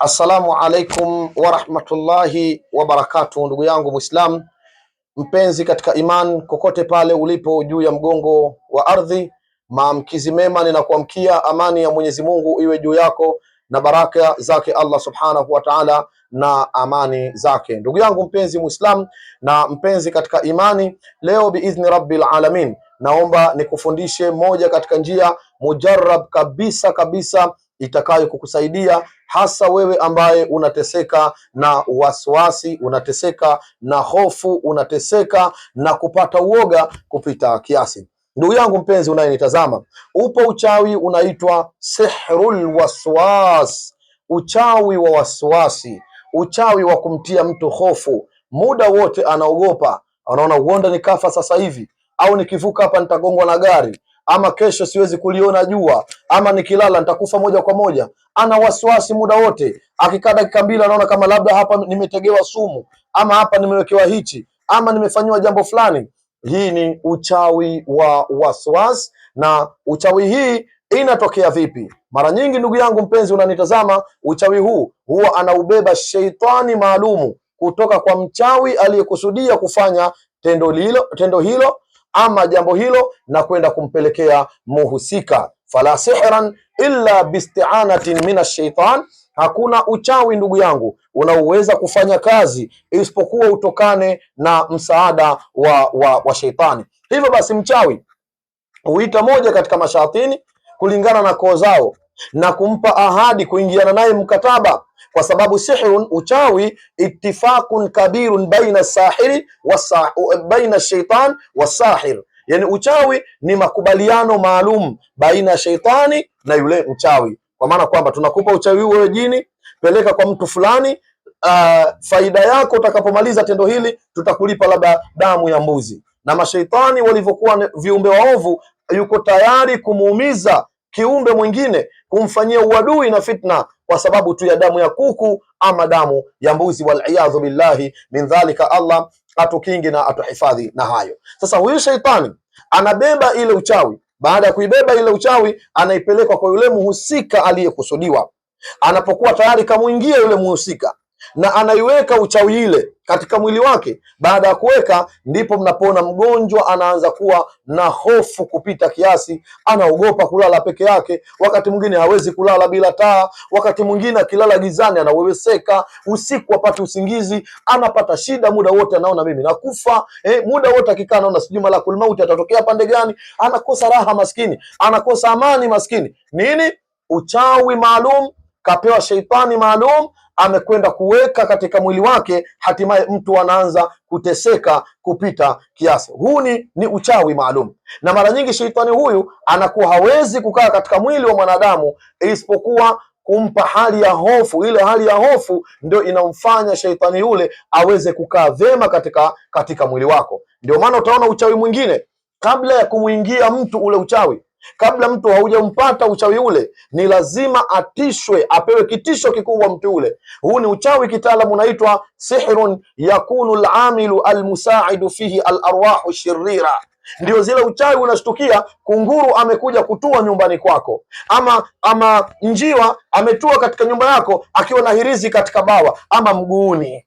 Assalamu alaikum warahmatullahi wabarakatu ndugu yangu Muislam mpenzi katika iman, kokote pale ulipo juu ya mgongo wa ardhi, maamkizi mema ninakuamkia. Amani ya Mwenyezi Mungu iwe juu yako na baraka zake Allah subhanahu wa ta'ala, na amani zake. Ndugu yangu mpenzi Muislam na mpenzi katika imani, leo biidhni rabbil alamin, naomba nikufundishe moja katika njia mujarrab kabisa kabisa itakayo kukusaidia hasa wewe ambaye unateseka na wasiwasi, unateseka na hofu, unateseka na kupata uoga kupita kiasi. Ndugu yangu mpenzi unayenitazama, upo uchawi unaitwa sihrul waswas, uchawi wa wasiwasi, uchawi wa kumtia mtu hofu. Muda wote anaogopa, anaona uonda nikafa sasa hivi, au nikivuka hapa nitagongwa na gari ama kesho siwezi kuliona jua, ama nikilala nitakufa moja kwa moja. Ana wasiwasi muda wote, akikaa dakika mbili anaona kama labda hapa nimetegewa sumu, ama hapa nimewekewa hichi, ama nimefanyiwa jambo fulani. Hii ni uchawi wa wasiwasi. Na uchawi hii inatokea vipi? Mara nyingi ndugu yangu mpenzi unanitazama, uchawi huu huwa anaubeba sheitani maalumu kutoka kwa mchawi aliyekusudia kufanya tendo hilo, tendo hilo ama jambo hilo na kwenda kumpelekea muhusika. fala sihran illa bisti'anatin min ash hakuna uchawi ndugu yangu unaoweza kufanya kazi isipokuwa utokane na msaada wa, wa, wa sheitani. Hivyo basi mchawi huita moja katika mashatini kulingana na koo zao na kumpa ahadi kuingiana naye mkataba, kwa sababu sihrun, uchawi, ittifaqun kabirun baina sahiri wasa, baina shaitan sahir, yani uchawi ni makubaliano maalum baina ya shaitani na yule mchawi, kwa maana kwamba tunakupa uchawi huu wewe jini, peleka kwa mtu fulani Uh, faida yako utakapomaliza tendo hili tutakulipa labda damu ya mbuzi. Na mashaitani walivyokuwa viumbe waovu, yuko tayari kumuumiza kiumbe mwingine kumfanyia uadui na fitna kwa sababu tu ya damu ya kuku ama damu ya mbuzi. Waliyadhu billahi min dhalika. Allah atukingi na atuhifadhi na hayo. Sasa huyu shaitani anabeba ile uchawi. Baada ya kuibeba ile uchawi, anaipelekwa kwa yule muhusika aliyekusudiwa. Anapokuwa tayari kamwingia yule muhusika na anaiweka uchawi ile katika mwili wake. Baada ya kuweka, ndipo mnapoona mgonjwa anaanza kuwa na hofu kupita kiasi, anaogopa kulala peke yake, wakati mwingine hawezi kulala bila taa, wakati mwingine akilala gizani anaweweseka, usiku apate usingizi, anapata shida muda wote, anaona mimi nakufa eh, muda wote akikaa anaona sijui malakul mauti atatokea pande gani, anakosa raha maskini, anakosa amani maskini. Nini? Uchawi maalum kapewa sheitani maalum amekwenda kuweka katika mwili wake, hatimaye mtu anaanza kuteseka kupita kiasi. Huu ni, ni uchawi maalum, na mara nyingi sheitani huyu anakuwa hawezi kukaa katika mwili wa mwanadamu isipokuwa kumpa hali ya hofu. Ile hali ya hofu ndio inamfanya sheitani yule aweze kukaa vema katika katika mwili wako. Ndio maana utaona uchawi mwingine, kabla ya kumwingia mtu ule uchawi Kabla mtu haujampata uchawi ule, ni lazima atishwe, apewe kitisho kikubwa mtu ule. Huu ni uchawi kitaalamu unaitwa sihrun yakunu alamilu almusaidu fihi alarwahu shirira ndio zile uchawi unashtukia, kunguru amekuja kutua nyumbani kwako, ama ama njiwa ametua katika nyumba yako akiwa na hirizi katika bawa ama mguuni.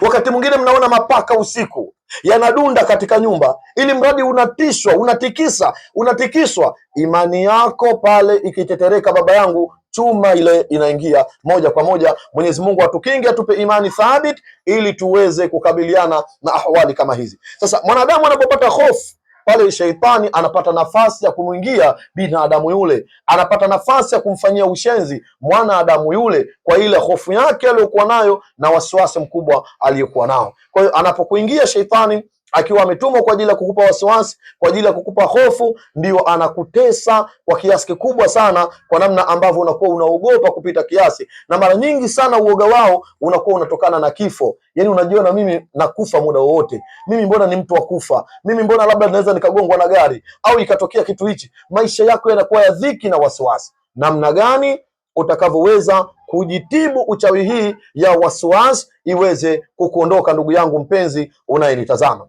Wakati mwingine mnaona mapaka usiku, yanadunda katika nyumba, ili mradi unatishwa, unatikisa, unatikiswa imani yako pale ikitetereka, baba yangu, chuma ile inaingia moja kwa moja. Mwenyezi Mungu atukinge, atupe imani thabit, ili tuweze kukabiliana na ahwali kama hizi. Sasa mwanadamu anapopata hofu pale sheitani anapata nafasi ya kumwingia binadamu yule, anapata nafasi ya kumfanyia ushenzi mwanadamu yule, kwa ile hofu yake aliyokuwa nayo na wasiwasi mkubwa aliyokuwa nao. Kwa hiyo anapokuingia sheitani akiwa ametumwa kwa ajili ya kukupa wasiwasi, kwa ajili ya kukupa hofu, ndio anakutesa kwa kiasi kikubwa sana, kwa namna ambavyo unakuwa unaogopa kupita kiasi, na mara nyingi sana uoga wao unakuwa unatokana na kifo. Yani unajiona mimi nakufa muda wowote, mimi mbona ni mtu wa kufa, mimi mbona labda naweza nikagongwa na gari au ikatokea kitu hichi. Maisha yako yanakuwa ya dhiki na wasiwasi. Namna gani utakavyoweza kujitibu uchawi hii ya wasiwasi iweze kukuondoka, ndugu yangu mpenzi unayenitazama.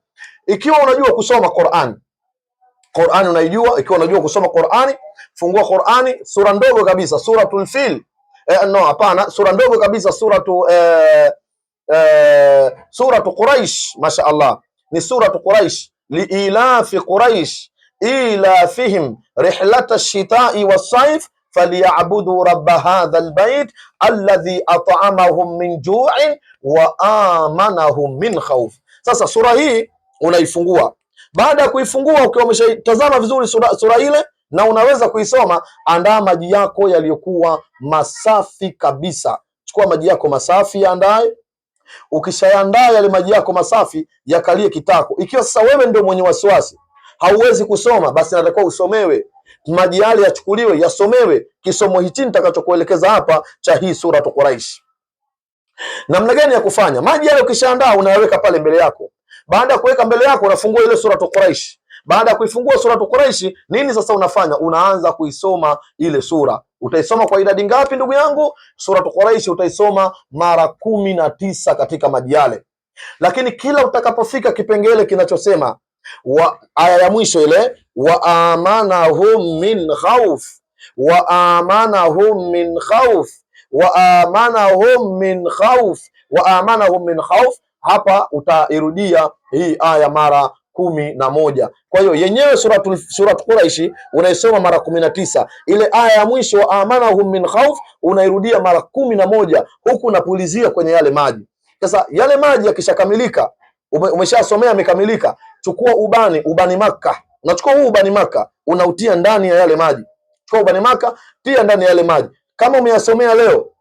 Ikiwa unajua kusoma Qur'an, Qur'an unaijua, ikiwa unajua kusoma Qur'ani, fungua Qur'ani, sura ndogo kabisa, suratul Fil. Eh, no, hapana, sura ndogo kabisa, suratu eh, eh, suratu Quraish. Masha Allah, ni suratu Quraish, liilafi Quraish ilafihim rihlata shitai wasaif falyabudu rabba hadha albayt alladhi at'amahum min ju'in wa amanahum min khawf. Sasa sura hii unaifungua. Baada ya kuifungua, ukiwa umeshaitazama vizuri sura, sura ile na unaweza kuisoma, andaa maji yako yaliyokuwa masafi kabisa. Chukua maji yako masafi yaandae. Ukishayandaa yale maji yako masafi yakalie kitako. Ikiwa sasa wewe ndio mwenye wasiwasi hauwezi kusoma, basi natakiwa usomewe maji yale yachukuliwe yasomewe kisomo hichi nitakachokuelekeza hapa cha hii sura Quraish. Namna gani ya kufanya maji yale, ukishaandaa unayaweka pale mbele yako. Baada ya kuweka mbele yako unafungua ile sura Quraish. Baada ya kuifungua sura Quraishi, nini sasa unafanya? Unaanza kuisoma ile sura. Utaisoma kwa idadi ngapi, ndugu yangu? Sura Quraishi utaisoma mara kumi na tisa katika maji yale, lakini kila utakapofika kipengele kinachosema wa aya ya mwisho ile, wa amanahum min khauf, wa amanahum min khauf, wa amanahum min khauf, wa amanahum min khauf hapa utairudia hii aya mara kumi na moja. Kwa hiyo yenyewe suratul Surat Quraishi unaisoma mara kumi na tisa, ile aya ya mwisho amanahum min khauf unairudia mara kumi na moja, huku unapulizia kwenye yale maji. Sasa yale maji yakishakamilika, umeshasomea yamekamilika, chukua ubani, ubani Maka, unachukua huu ubani Maka unautia ndani ya yale maji, chukua ubani Maka tia ndani ya yale maji. Kama umeyasomea leo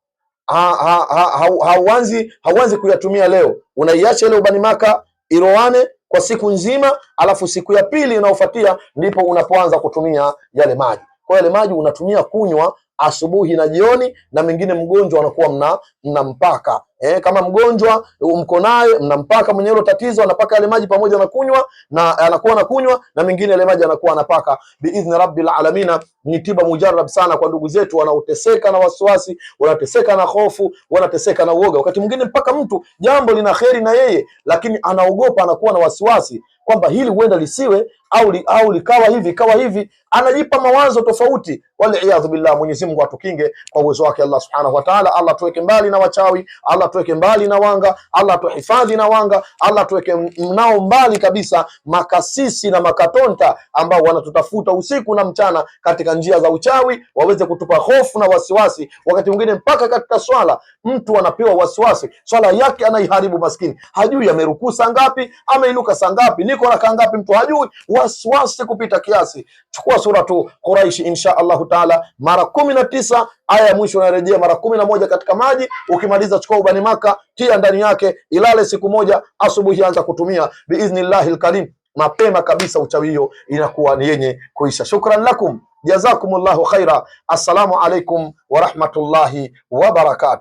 hauanzi hauanzi kuyatumia leo, unaiacha ile ubani maka iroane kwa siku nzima, alafu siku ya pili inayofuatia ndipo unapoanza kutumia yale maji. Kwa yale maji unatumia kunywa asubuhi na jioni, na mengine mgonjwa anakuwa mna mnampaka eh, kama mgonjwa mko naye mnampaka mwenye hilo tatizo, anapaka yale maji pamoja na kunywa na anakuwa na kunywa na mengine yale maji anakuwa anapaka. Biidhni rabbil alamina, ni tiba mujarab sana kwa ndugu zetu wanaoteseka na wasiwasi, wanateseka na hofu, wanateseka na uoga. Wakati mwingine mpaka mtu jambo lina kheri na yeye, lakini anaogopa, anakuwa na wasiwasi kwamba hili huenda lisiwe au, li, au likawa hivi kawa hivi, anajipa mawazo tofauti. Waliyadhu billah, Mwenyezi Mungu atukinge kwa uwezo wake Allah subhanahu wa taala. Allah tuweke mbali na wachawi, Allah tuweke mbali na wanga, Allah tuhifadhi na wanga, Allah tuweke nao mbali kabisa makasisi na makatonta ambao wanatutafuta usiku na mchana katika njia za uchawi, waweze kutupa hofu na wasiwasi. Wakati mwingine mpaka katika swala mtu anapewa wasiwasi, swala yake anaiharibu, maskini hajui amerukusa ngapi, ameinuka sangapi, niko na kaa ngapi, mtu hajui, wasiwasi kupita kiasi. Chukua suratu Quraishi insha Allahu taala mara kumi na tisa aya ya mwisho unarejea mara kumi na moja katika maji. Ukimaliza chukua ubani maka, tia ndani yake, ilale siku moja, asubuhi anza kutumia biidhnillahi lkarim mapema kabisa uchawi hiyo inakuwa ni yenye kuisha. Shukran lakum jazakumullahu khaira. Assalamu alaikum warahmatullahi wabarakatu.